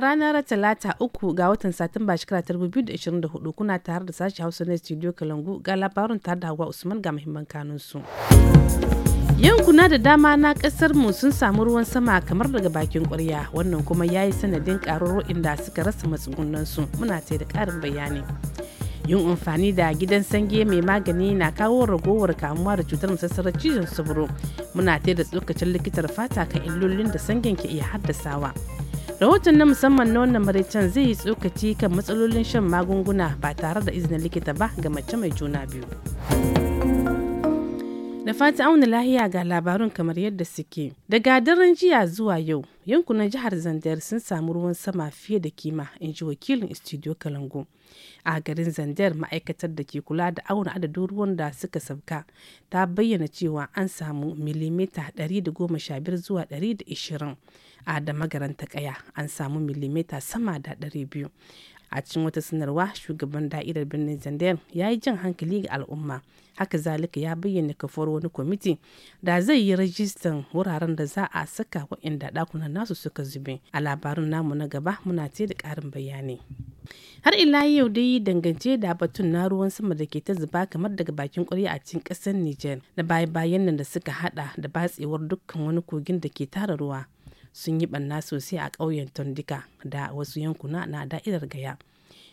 ranar talata uku ga watan satumba shekara ta hudu kuna tare da sashi hausa na studio kalangu ga labarin tare da hawa usman ga muhimman kanunsu. yankuna da dama na kasar mu sun samu ruwan sama kamar daga bakin kwarya wannan kuma ya yi sanadin karuwar inda suka rasa matsugunan su muna ta da karin bayani yin amfani da gidan sange mai magani na kawo ragowar kamuwa da cutar masassarar cizon sabro muna ta da tsokacin likitar fata kan illolin da sangen ke iya haddasawa rahoton na musamman na wannan maraicen zai yi tsokaci kan matsalolin shan magunguna ba tare da izinin likita ba ga mace mai juna biyu da fata auna lahiya ga labarun kamar yadda suke daga daren jiya zuwa yau yankunan jihar zandar sun samu ruwan sama fiye da kima in ji wakilin studio kalangu a garin zandar ma'aikatar da ke kula da auna adadin ruwan da suka sabka ta bayyana cewa an samu milimita 115 zuwa 120 a da magaranta kaya an samu milimita sama da 200 a cikin wata sanarwa shugaban da'irar birnin zandar ya yi jan hankali ga al'umma haka zalika ya bayyana kafar wani kwamiti da zai yi rajistan wuraren da za a saka waɗanda ɗakunan nasu suka zube a labarin namu na gaba muna ce da ƙarin bayani har ila yau dai dangance da batun na ruwan sama da ke ta zuba kamar daga bakin ƙwarya a cikin ƙasar niger da baya-bayan nan da suka hada da batsewar dukkan wani kogin da ke tara ruwa sun yi ɓanna sosai a ƙauyen tondika da wasu yankuna na da'irar gaya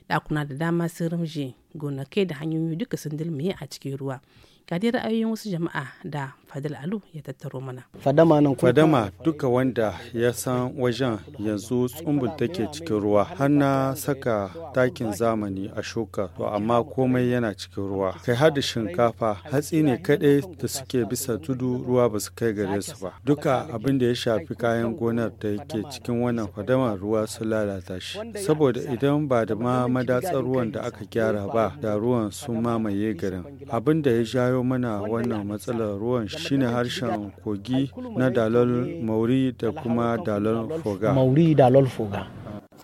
ɗakuna da dama sun ramshe gonakai da hanyoyi duka sun dulmiye a cikin ruwa ga ra'ayoyin wasu jama'a da fadil alu ya tattaro mana fadama nan fadama duka wanda ya san wajen yanzu tsumbul take cikin ruwa har na saka takin zamani a shuka to amma komai yana cikin ruwa kai har da shinkafa hatsi ne kadai da suke bisa tudu ruwa ba su kai gare su ba duka abin da ya shafi kayan gonar da yake cikin wannan fadama ruwa su lalata shi saboda idan ba da ma madatsar ruwan da aka gyara ba da ruwan sun mamaye garin abin da ya jayo mana wannan matsalar ruwan shine harshen kogi na dalol mauri da kuma dalol foga mauri dalol foga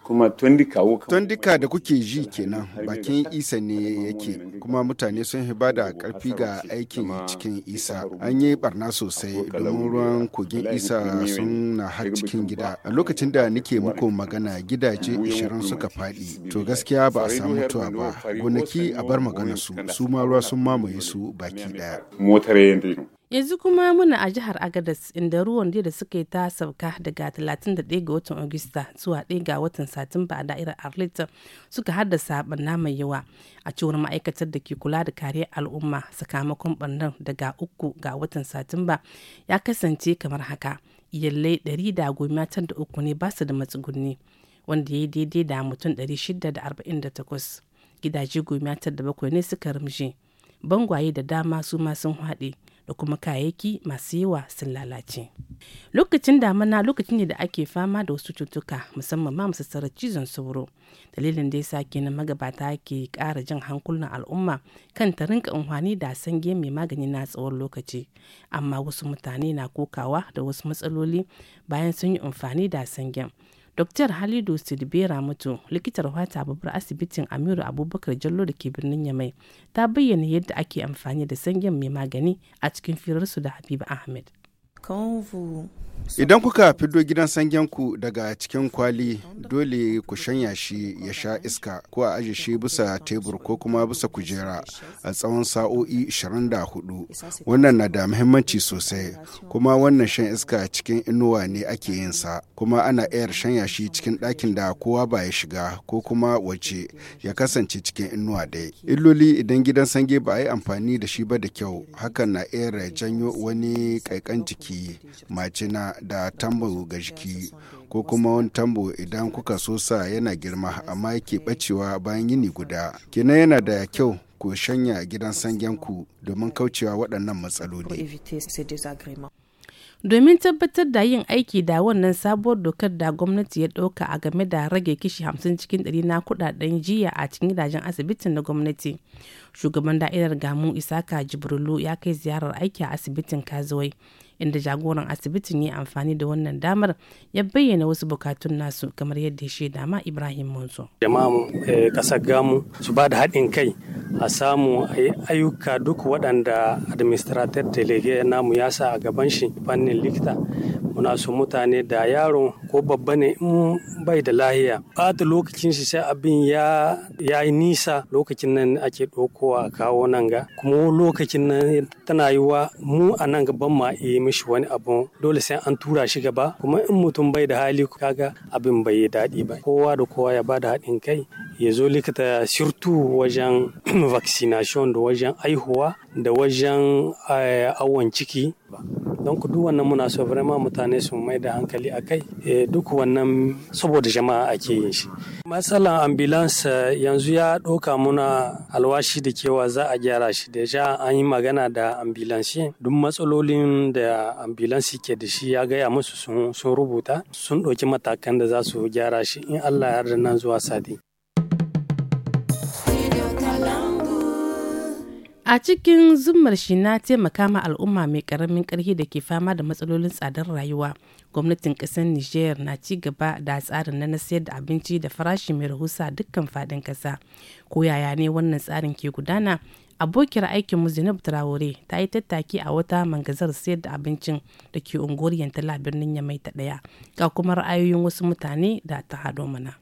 kuma tondika da kuke ji kenan bakin isa ne yake kuma mutane sun hiba da karfi ga aikin cikin isa an yi barna sosai domin ruwan kogin isa sun na har cikin gida a lokacin da nake muku magana gidaje 20 suka faɗi to gaskiya ba a samu mutuwa ba gonaki a bar magana su su ma ruwa sun mamaye su baki daya yanzu kuma muna a jihar agadas inda ruwan da suka yi ta sauka daga 31 ga watan agusta zuwa 1 ga watan satumba a da'irar arlington suka haddasa barna mai yawa a cewar ma'aikatar da ke kula da kariyar al'umma sakamakon barnar daga 3 ga watan satumba ya kasance kamar haka iyalai 113 ne ba su da matsuguni wanda ya daidai da mutum 648 gidaje 17 ne suka rumshe bangwaye da dama su ma sun haɗe da kuma kayayyaki masu yawa sun lalace lokacin damana lokacin ne da ake fama da wasu cutuka musamman ma masassarar cizon sauro dalilin da ya yasa kenan magabata ke ƙara jin hankulan al'umma kan ta rinka amfani da sange mai magani na tsawon lokaci amma wasu mutane na kokawa da wasu matsaloli bayan sun yi amfani da sangen Dr. Halidu Sidibera Mutu, likitar wata babbar asibitin Amiru Abubakar Jallo da ke birnin Yamai, ta bayyana yadda ake amfani da sangen mai magani a cikin firarsu da Habiba Ahmed. Idan kuka fido gidan sangenku daga cikin kwali dole ku shanya shi ya sha iska ko a aje shi bisa tebur ko kuma bisa kujera a tsawon sa'o'i 24. Wannan na da muhimmanci sosai kuma wannan shan iska cikin inuwa ne ake yin sa kuma ana iya shanya shi cikin ɗakin da kowa ba ya shiga ko kuma wace ya kasance cikin inuwa dai. Illoli idan gidan sange ba a yi amfani da shi ba da kyau hakan na iya janyo wani kaikan jiki jiki na da tambo ga jiki ko kuma wani tambo idan kuka so sa yana girma amma yake bacewa bayan yini guda kenan yana da kyau ku shanya gidan sangen ku domin kaucewa waɗannan matsaloli domin tabbatar da yin aiki da wannan sabuwar dokar da gwamnati ya ɗauka a game da rage kishi 50 cikin 100 na kudaden jiya a cikin gidajen asibitin na gwamnati shugaban da'irar gamu isaka jibrilu ya kai ziyarar aiki a asibitin kazuwai inda jagoran asibitin ya amfani da wannan damar ya bayyana wasu bukatun nasu kamar yadda ya dama Ibrahim Monzo. Jama'a eh, kasar gamu su ba da haɗin kai a samu ayyuka duk waɗanda administrator delegate namu ya sa a gaban shi fannin likita muna so mutane da yaro ko babba ne in bai da lahiya bata lokacin shi sai abin ya yi nisa lokacin nan ake ɗaukowa a kawo nan ga kuma lokacin nan tana yi wa mu a nan gaban ma yi mishi wani abu dole sai an tura shi gaba kuma in mutum bai da hali kaga abin bai yi daɗi ba kowa da kowa ya bada haɗin kai ya zo likita sirtu wajen vaccination da wajen aihuwa da wajen eh, awon ciki don ku duk wannan muna so vraiment mutane su mai da hankali a kai eh, duk wannan saboda jama'a ake yin shi matsalan ambulance eh, yanzu ya ɗauka muna alwashi da cewa za a gyara shi da sha an yi magana da ambulance duk matsalolin da ambulance ke da shi ya gaya musu sun rubuta sun ɗauki matakan da za su gyara shi in allah ya nan zuwa sati A cikin zummar shi na taimaka ma al'umma mai karamin karfi da ke fama da matsalolin tsadar rayuwa. Gwamnatin ƙasar Niger na ci gaba da tsarin na sayar da abinci da farashi mai rahusa dukkan faɗin ƙasa. Ko yaya ne wannan tsarin ke gudana? Abokiyar aikin mu Zainab Traore ta yi tattaki a wata mangazar sayar da abincin da ke unguwar Yantala birnin Yamai ta ɗaya. Ga kuma ra'ayoyin wasu mutane da ta hado mana.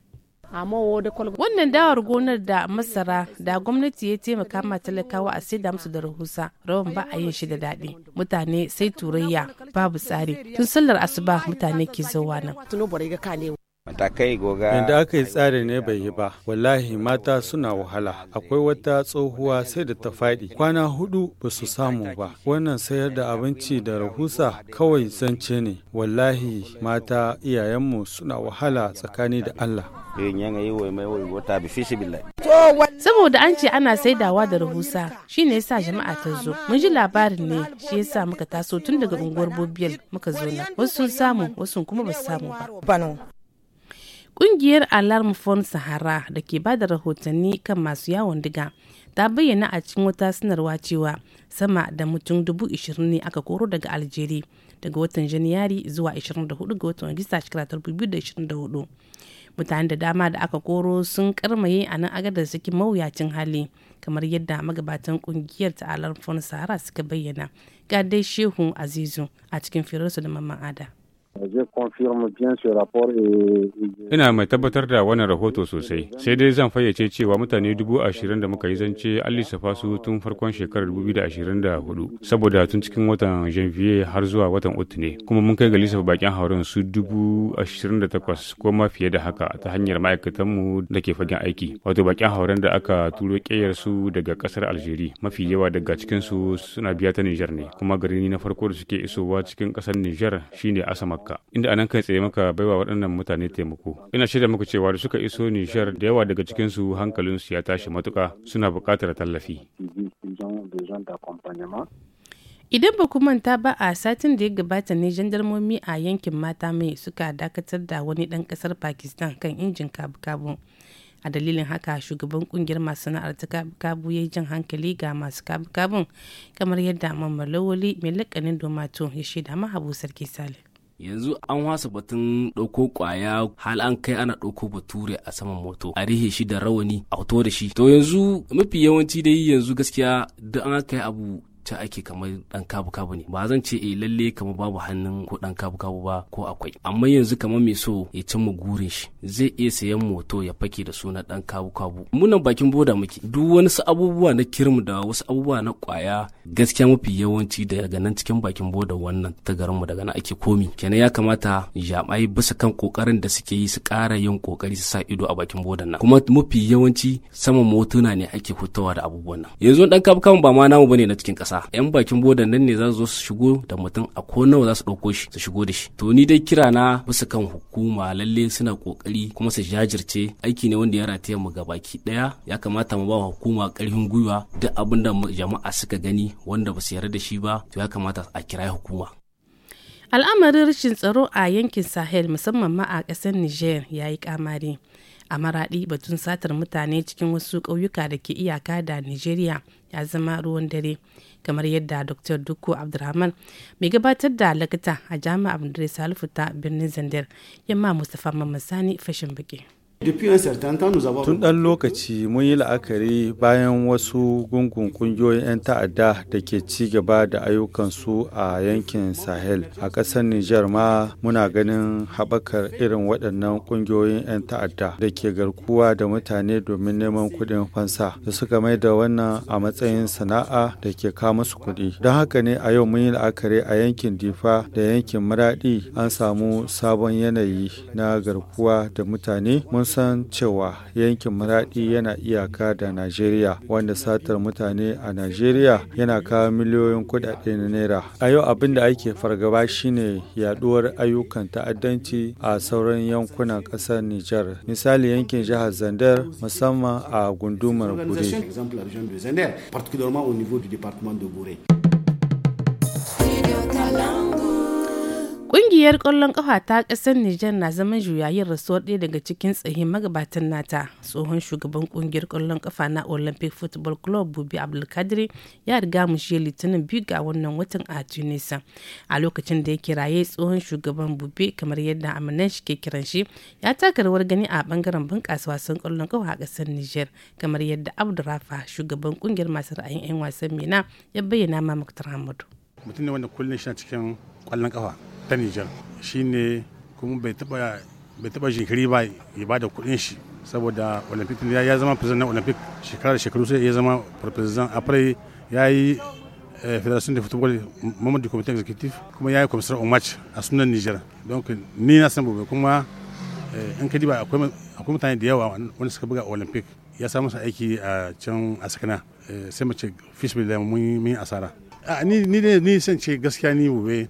Wannan dawar gonar da masara da gwamnati ya taimaka ma talakawa a da musu da rahusa rawan ba a yin shi da daɗi. Mutane sai turayya babu tsari. Tun sallar asuba mutane ke zuwa nan. matakai goga inda aka yi tsari ne bai yi ba wallahi mata suna wahala akwai wata tsohuwa sai da ta faɗi kwana hudu ba su samu ba wannan sayar da abinci da rahusa kawai zance ne wallahi mata iyayenmu suna wahala tsakani da allah saboda an ce ana saidawa da rahusa shi ne sa jama'a ta zo mun ji labarin ne shi ya sa muka taso tun daga unguwar bobiyal muka zo na wasu sun samu wasu kuma ba su samu ba Ƙungiyar Alarm Phone Sahara da ke ba da rahotanni kan masu yawon diga ta bayyana a cikin wata sanarwa cewa sama da mutum dubu ishirin ne aka koro daga Aljeri daga watan Janairu zuwa 24 ga watan Agusta shekara 2024. Mutane da dama da aka koro sun karmaye a nan agadar suke mawuyacin hali kamar yadda magabatan ƙungiyar ta Alarm Phone Sahara suka bayyana. Ga dai Shehu Azizu a cikin firarsu da Mamman Ada. Ina mai tabbatar da wannan rahoto sosai, sai dai zan fayyace cewa mutane dubu ashirin da muka yi zance an lissafa su tun farkon shekarar dubu da ashirin da hudu, saboda tun cikin watan janvier har zuwa watan uku ne, kuma mun kai ga lissafa bakin hauren su dubu ashirin da takwas ko ma fiye da haka ta hanyar ma'aikatanmu da ke fagen aiki, wato bakin hauren da aka turo ƙeyar su daga ƙasar Algeria, mafi yawa daga cikin su suna biya ta Nijar ne, kuma garini na farko da suke isowa cikin kasar Nijar shine Asamakka. inda anan kai tsaye maka baiwa waɗannan mutane taimako. Ina shirya muku cewa da suka iso Nishar da yawa daga cikin cikinsu su ya tashi matuka suna buƙatar tallafi. Idan ba manta ba a satin da ya gabata ne jandarmomi a yankin mata mai suka dakatar da wani ɗan ƙasar Pakistan kan injin kabu-kabu. a dalilin haka shugaban kungiyar ta kabu ya yi jan hankali ga masu kabu-kabun kamar yadda mamman mai lakanin domato ya shaida mahabu sarki salim yanzu an wasa batun ɗauko kwaya hal an kai ana ɗauko bature a saman moto a rihe shi da rawani a hoto da shi to yanzu mafi yawanci dai yanzu gaskiya duk an kai abu ci ake kamar dan kabu-kabu ne ba zan ce eh lalle kamar babu hannun ko dan kabu-kabu ba ko akwai amma yanzu kamar mai so ya ci cimma gurin shi zai iya sayan moto ya fake da suna dan kabu-kabu munan bakin boda muke duk wani su abubuwa na kirmu da wasu abubuwa na kwaya gaskiya mafi yawanci daga nan cikin bakin boda wannan ta garinmu daga nan ake komi kenan ya kamata jami'ai bisa kan kokarin da suke yi su ƙara yin kokari su sa ido a bakin bodan nan kuma mafi yawanci saman motuna ne ake fitowa da abubuwan nan yanzu dan kabu-kabu ba ma namu bane na cikin ƙasa yan bakin bodan nan ne za su zo su shigo da mutum a ko nawa za su ɗauko shi su shigo da shi to ni dai kira na bisa kan hukuma lalle suna kokari kuma su jajirce aiki ne wanda ya rataya mu ga baki daya ya kamata mu ba wa hukuma karfin gwiwa duk abin da jama'a suka gani wanda ba su yarda da shi ba to ya kamata a kira hukuma al'amarin rashin tsaro a yankin sahel musamman ma a ƙasar niger ya yi kamari a maraɗi batun satar mutane cikin wasu ƙauyuka da ke iyaka da nigeria ya zama ruwan dare kamar yadda dr dukko abdulrahman mai gabatar da lakata a jami'ar salifu ta birnin zandar yamma mustapha mamasani fashin biki. Tun ɗan lokaci mun yi la'akari bayan wasu gungun ƙungiyoyin 'yan ta'adda da ke ci gaba da ayyukansu a yankin Sahel. A ƙasar Nijar ma muna ganin haɓakar irin waɗannan ƙungiyoyin 'yan ta'adda da ke garkuwa da mutane domin neman kuɗin fansa da suka mai da wannan a matsayin sana'a da ke kawo musu kuɗi. Don haka ne a yau mun yi la'akari a yankin Difa da yankin Maraɗi an samu sabon yanayi na garkuwa da mutane. Mun san cewa yankin Muradi yana iyaka da Najeriya wanda satar mutane a Najeriya yana kawo miliyoyin kuɗaɗe na naira. A yau abin da ake fargaba shine yaduwar ayyukan ta'addanci a sauran yankunan ƙasar Nijar. Misali yankin jihar Zandar musamman a gundumar Gure. Ƙungiyar ƙwallon ƙafa ta ƙasar Nijar na zaman juyayin rasuwar ɗaya daga cikin tsaye magabatan nata. Tsohon shugaban ƙungiyar kwallon kafa na Olympic Football Club Bubi Abdulkadir ya riga mu shi litinin biyu ga wannan watan a Tunisia. A lokacin da ya kiraye tsohon shugaban Bubi kamar yadda shi ke kiran shi ya taka rawar gani a bangaren bunƙasa wasan kwallon ƙafa a kasar Nijar kamar yadda Abdurrafa shugaban ƙungiyar masu ra'ayin 'yan wasan Mina ya bayyana ma Muktar Hamadu. Mutum ne wanda kullum shi cikin ƙwallon ƙafa. ta Nijar shi ne kuma bai taba bai taba jinkiri ba ya bada kuɗin shi saboda olympic ya zama president na olympic shekarar shekaru sai ya zama president après ya yi eh, federation de football membre committee executive kuma ya yi commissaire au match a sunan Nijar donc ni na san bobe kuma eh, in ka diba akwai mutane da yawa wanda suka buga olympic ya samu sa aiki a can a sakana eh, sai mace fish mun yi asara ni ne ni san ce gaskiya ni bobe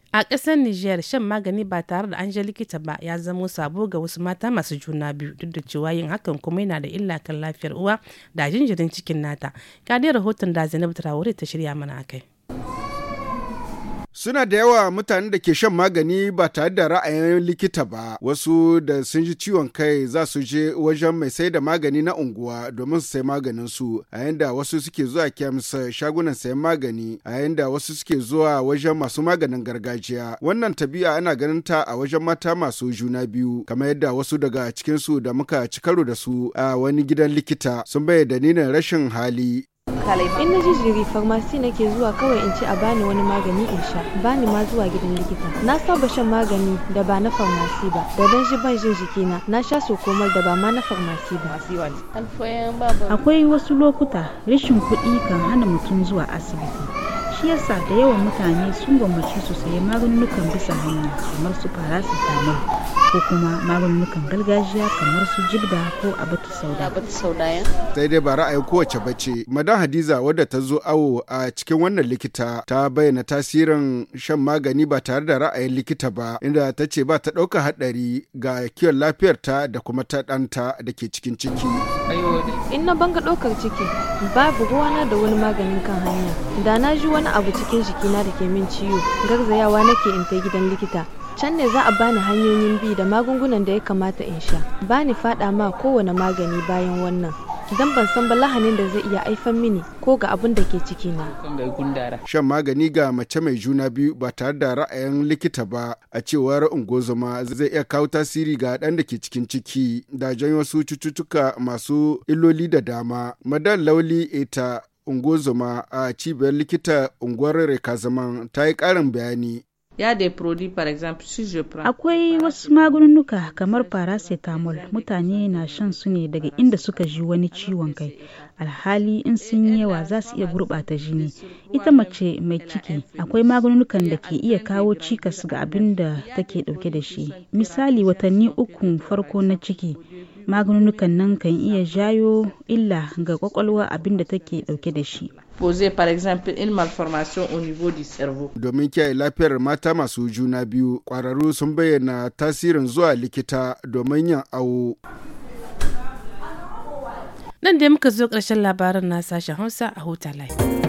A ƙasar Nijar shan magani ba tare da an je likita ba ya zamo sabo ga wasu mata masu juna biyu duk da cewa yin hakan kuma yana da illa kan lafiyar uwa da jinjirin cikin nata. Ka dai rahoton da Zainab Traore ta shirya mana akai. Suna da yawa mutanen da ke shan magani ba tare da ra'ayin likita ba, wasu da sun ji ciwon kai za su je wajen mai sai da magani na unguwa domin su sai maganin su, a yanda wasu suke zuwa kemis shagunan sayan magani, a yanda wasu suke zuwa wajen masu maganin gargajiya. Wannan tabi'a ana ganin ta a wajen mata masu juna biyu, kamar yadda wasu daga cikinsu da muka ci karo da su a wani gidan likita sun bayyana dalilin rashin hali in na ji jiri farmasi nake zuwa kawai in ci a bani wani magani in sha bani ma zuwa gidan likita na saba shan magani da ba na farmasi ba da dan shi ban jin jiki na sha sokomar da ba ma na farmasi ba akwai wasu lokuta rashin kuɗi kan hana mutum zuwa asibiti shi yasa da yawan mutane sun gwammaci su sayi magungunan bisa hanya kamar su paracetamol ko kuma magungunan gargajiya kamar su jibda ko abatu sauda. Sai dai ba ra'ayi kowace bace. Madan Hadiza wadda ta zo awo a cikin wannan likita ta bayyana tasirin shan magani ba tare da ra'ayin likita ba inda ta ce ba ta ɗauka haɗari ga kiwon lafiyarta da kuma ta ɗanta da ke cikin ciki. In na banga ɗaukar ciki babu ruwana da wani maganin kan hanya da na ji wani abu cikin jikina da ke min ciwo garzayawa nake in ta gidan likita Can ne za a bani hanyoyin bi da magungunan da ya kamata in sha. Ba ni faɗa ma kowane magani bayan wannan. Idan ban san ba lahanin da zai iya aifan mini ko ga abin da ke ciki na. Shan magani ga mace mai juna biyu ba tare da ra'ayin likita ba a cewar ungozoma zai iya kawo tasiri ga ɗan da ke cikin ciki da janyo wasu cututtuka masu iloli da dama. Madan Lauli ita ungozoma a cibiyar likita unguwar rekazaman ta yi karin bayani ya de par exemple si je prends akwai wasu magungunuka kamar paracetamol mutane na shan su ne daga inda suka ji wani ciwon kai alhali in sun yi yawa za su iya gurɓata jini ita mace mai ciki akwai magungunukan da ke iya kawo cikas ga abin da take dauke da shi misali watanni uku farko na ciki maganunukan nan kan iya jayo illa ga kwakwalwa abinda take dauke da shi poser par exemple une malformation au niveau du cerveau. Domin kiyaye lafiyar mata masu juna biyu, kwararru sun bayyana tasirin zuwa likita domin yin awo. Nan dai muka zo ƙarshen labarin na sashen Hausa a huta